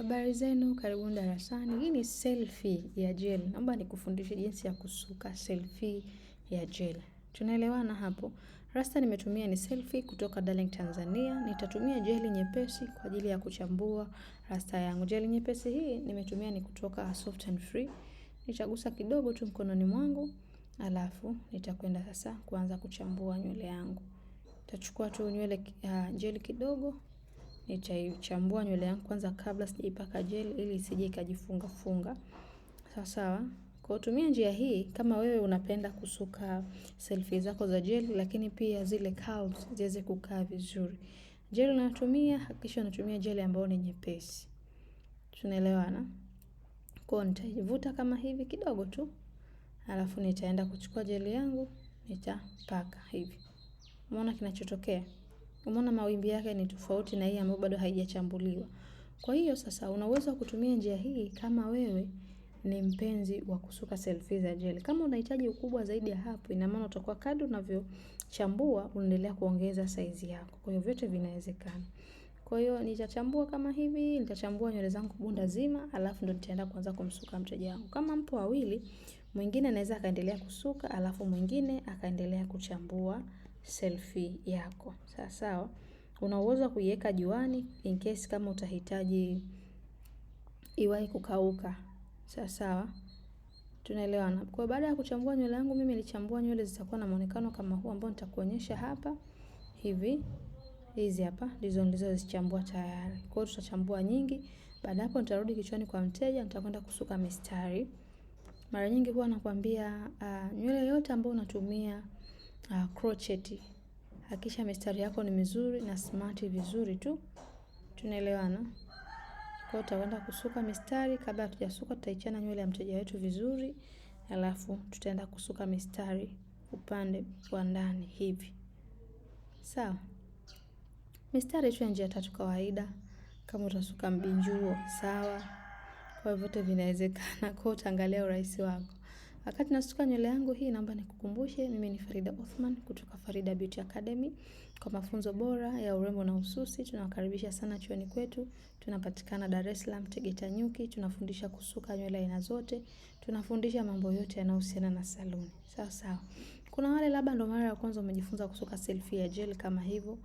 Habari zenu, karibuni darasani. Hii ni selfie ya gel. Naomba nikufundishe jinsi ya kusuka selfie ya gel. Tunaelewana hapo? Rasta nimetumia ni selfie kutoka Darling Tanzania. Nitatumia jeli nyepesi kwa ajili ya kuchambua rasta yangu. Jeli nyepesi hii nimetumia ni kutoka Soft and Free. Nitagusa kidogo tu mkononi mwangu, alafu nitakwenda sasa kuanza kuchambua nywele yangu. Nitachukua tu nywele uh, jeli kidogo nitaichambua nywele yangu kwanza kabla sijaipaka gel ili isije ikajifunga funga. Sawa sawa. Kwa kutumia njia hii kama wewe unapenda kusuka selfie zako za gel lakini pia zile curls ziweze kukaa vizuri. Gel unatumia hakikisha unatumia gel ambayo ni nyepesi. Tunaelewana? Kwa nitaivuta kama hivi kidogo tu. Alafu nitaenda kuchukua gel yangu nitapaka hivi. Umeona kinachotokea? Umeona mawimbi yake ni tofauti na hii ambayo bado haijachambuliwa. Kwa hiyo sasa unaweza kutumia njia hii kama wewe ni mpenzi wa kusuka selfie za gel. Kama unahitaji ukubwa zaidi ya hapo, ina maana utakuwa kadri unavyochambua unaendelea kuongeza saizi yako. Kwa hiyo vyote vinawezekana. Kwa hiyo nitachambua kama hivi, nitachambua nywele zangu bunda zima, alafu ndo nitaenda kuanza kumsuka mteja wangu. Kama mpo wawili, mwingine anaweza akaendelea kusuka, alafu mwingine akaendelea kuchambua selfie yako sawa sawa. Una uwezo wa kuiweka juani in case kama utahitaji iwahi kukauka sawa sawa. Tunaelewana. Kwa baada ya kuchambua nywele yangu mimi nilichambua nywele zitakuwa na muonekano kama huu ambao nitakuonyesha hapa hivi. Hizi hapa ndizo nilizozichambua tayari. Kwa hiyo tutachambua nyingi. Baada hapo nitarudi kichwani kwa mteja, nitakwenda kusuka mistari. Mara nyingi huwa nakwambia uh, nywele yote ambayo unatumia uh, crochet. Hakisha mistari yako ni mizuri na smart vizuri tu, tunaelewana. Kwa utaenda kusuka mistari. Kabla hatujasuka, tutaichana nywele ya mteja wetu vizuri, alafu tutaenda kusuka mistari upande wa ndani hivi, sawa. Mistari tu ya njia tatu kawaida. Kama utasuka mbinjuo sawa, kwa vyote vinawezekana, kwa utaangalia urahisi wako. Wakati nasuka nywele yangu hii, naomba nikukumbushe, mimi ni Farida Othman kutoka Farida Beauty Academy. Kwa mafunzo bora ya urembo na ususi, tunawakaribisha sana chuoni kwetu. Tunapatikana Dar es Salaam, Tegeta Nyuki. Tunafundisha kusuka nywele aina zote, tunafundisha mambo yote yanayohusiana na saluni. Sawa sawa. Kuna wale labda ndo mara ya kwanza umejifunza kusuka selfie ya gel kama hivyo,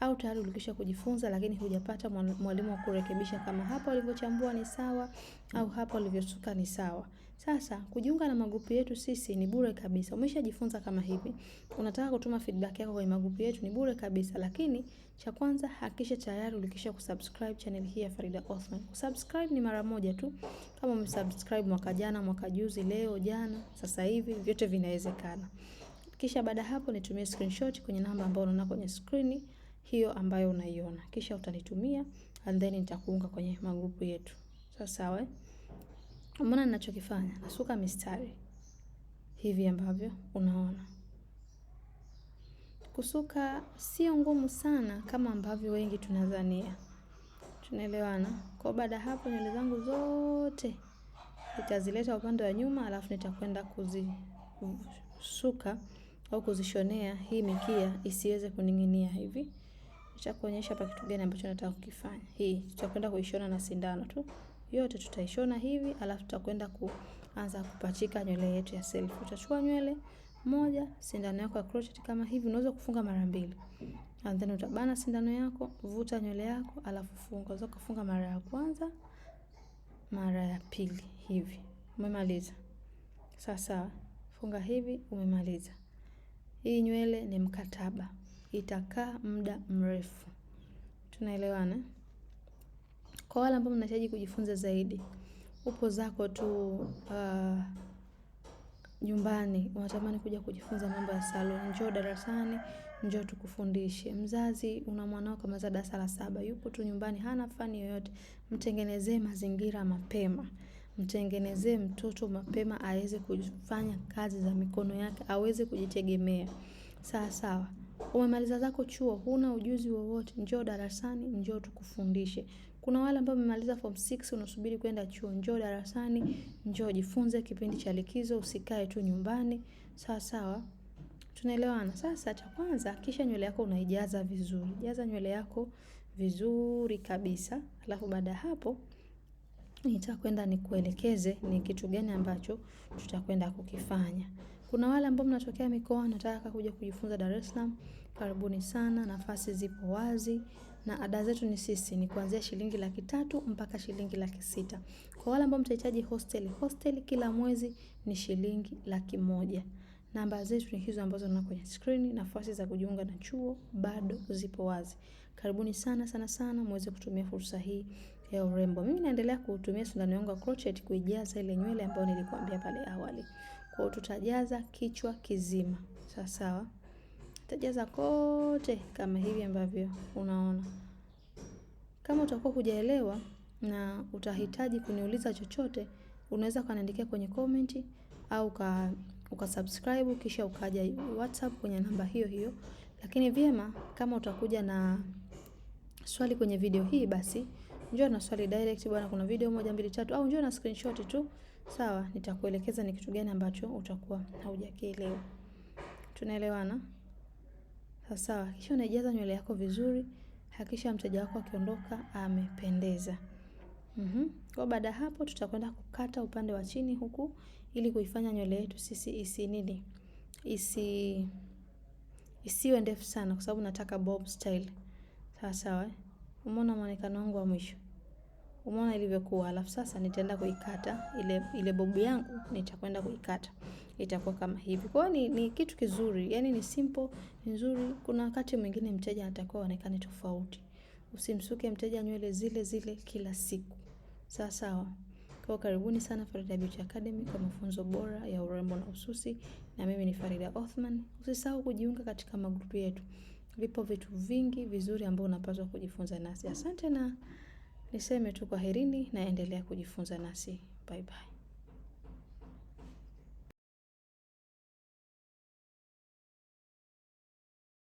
au tayari ulikisha kujifunza lakini hujapata mwalimu wa kurekebisha kama hapa ulivyochambua ni sawa, au hapa ulivyosuka ni sawa. Sasa kujiunga na magrupu yetu sisi ni bure kabisa. Umeshajifunza kama hivi, unataka kutuma feedback yako kwenye magrupu yetu ni bure kabisa, lakini cha kwanza hakikisha tayari ulikisha kusubscribe channel hii ya Farida Othman. Kusubscribe ni mara moja tu, kama umesubscribe mwaka jana, mwaka juzi, leo, jana, sasa hivi, vyote vinawezekana. Kisha baada hapo nitumie screenshot kwenye namba ambayo unaona kwenye screen hiyo ambayo unaiona, kisha utanitumia and then nitakuunga kwenye magrupu yetu sawa sawa. Mbona ninachokifanya nasuka mistari hivi ambavyo unaona. Kusuka sio ngumu sana kama ambavyo wengi tunadhania. Tunaelewana. Kwa baada hapo nywele zangu zote nitazileta upande wa nyuma alafu nitakwenda kuzisuka au kuzishonea hii mikia isiweze kuning'inia hivi. Nitakuonyesha hapa kitu gani ambacho nataka kukifanya. Hii tutakwenda kuishona na sindano tu yote tutaishona hivi, alafu tutakwenda kuanza kupachika nywele yetu ya self. Utachukua nywele moja, sindano yako ya crochet kama hivi, unaweza kufunga mara mbili, and then utabana sindano yako, vuta nywele yako, alafu funga. Unaweza kufunga mara ya kwanza, mara ya pili hivi. Umemaliza sasa, funga hivi, umemaliza. Hii nywele ni mkataba, itakaa muda mrefu. Tunaelewana? Kwa wale ambao mnahitaji kujifunza zaidi, upo zako tu uh, nyumbani unatamani kuja kujifunza mambo ya salon, njoo darasani, njoo tukufundishe. Mzazi una mwanao kamaliza darasa la saba, yupo tu nyumbani, hana fani yoyote, mtengenezee mazingira mapema, mtengenezee mtoto mapema aweze kufanya kazi za mikono yake, aweze kujitegemea. Sawa sawa. Umemaliza zako chuo, huna ujuzi wowote, njoo darasani, njoo tukufundishe. Kuna wale ambao wamemaliza form 6 unasubiri kwenda chuo, njoo darasani, njoo jifunze kipindi cha likizo, usikae tu nyumbani. Sawa sawa. Tunaelewana. Sasa cha kwanza kisha nywele yako unaijaza vizuri. Jaza nywele yako vizuri kabisa. Alafu baada ya hapo nitakwenda nikuelekeze ni kitu gani ambacho tutakwenda kukifanya. Kuna wale ambao mnatokea mikoa nataka kuja kujifunza Dar es Salaam, karibuni sana, nafasi zipo wazi na ada zetu ni sisi ni kuanzia shilingi laki tatu mpaka shilingi laki sita. Kwa wale ambao mtahitaji hostel, hostel kila mwezi ni shilingi laki moja. Namba zetu ni hizo ambazo naona kwenye screen. Nafasi za kujiunga na chuo bado zipo wazi. Karibuni sana sana sana muweze kutumia fursa hii ya urembo. Mimi naendelea kutumia sindano yangu ya crochet kuijaza ile nywele ambayo nilikwambia pale awali. Kwa tutajaza kichwa kizima sawa sawa, tutajaza kote kama hivi ambavyo unaona. Kama utakuwa hujaelewa na utahitaji kuniuliza chochote, unaweza ukaniandikia kwenye komenti au ka, ukasubscribe kisha ukaja WhatsApp kwenye namba hiyo hiyo. Lakini vyema kama utakuja na swali kwenye video hii, basi njoo na swali direct bwana, kuna video moja mbili tatu, au njoo na screenshot tu. Sawa, nitakuelekeza ni kitu gani ambacho utakuwa haujakielewa. Tunaelewana? Sawa, kisha unaijaza nywele yako vizuri, hakisha mteja wako akiondoka amependeza. Mm-hmm. Kwa baada hapo tutakwenda kukata upande wa chini huku ili kuifanya nywele yetu sisi isi nini? Isi isiwe ndefu sana kwa sababu nataka bob style. Sawa sawa. Eh? Umeona muonekano wangu wa mwisho? Umeona ilivyokuwa. Alafu sasa nitaenda kuikata ile ile bobu yangu, nitakwenda kuikata itakuwa kama hivi. Kwa ni, ni kitu kizuri, yani ni simple, ni nzuri. Kuna wakati mwingine mteja anatakiwa aonekane tofauti, usimsuke mteja nywele zile zile kila siku, sawa sawa. Kwa karibuni sana Farida Beauty Academy kwa mafunzo bora ya urembo na ususi, na mimi ni Farida Othman. Usisahau kujiunga katika magrupu yetu, vipo vitu vingi vizuri ambavyo unapaswa kujifunza nasi. Asante na Niseme tu kwaherini na endelea kujifunza nasi. Bye bye.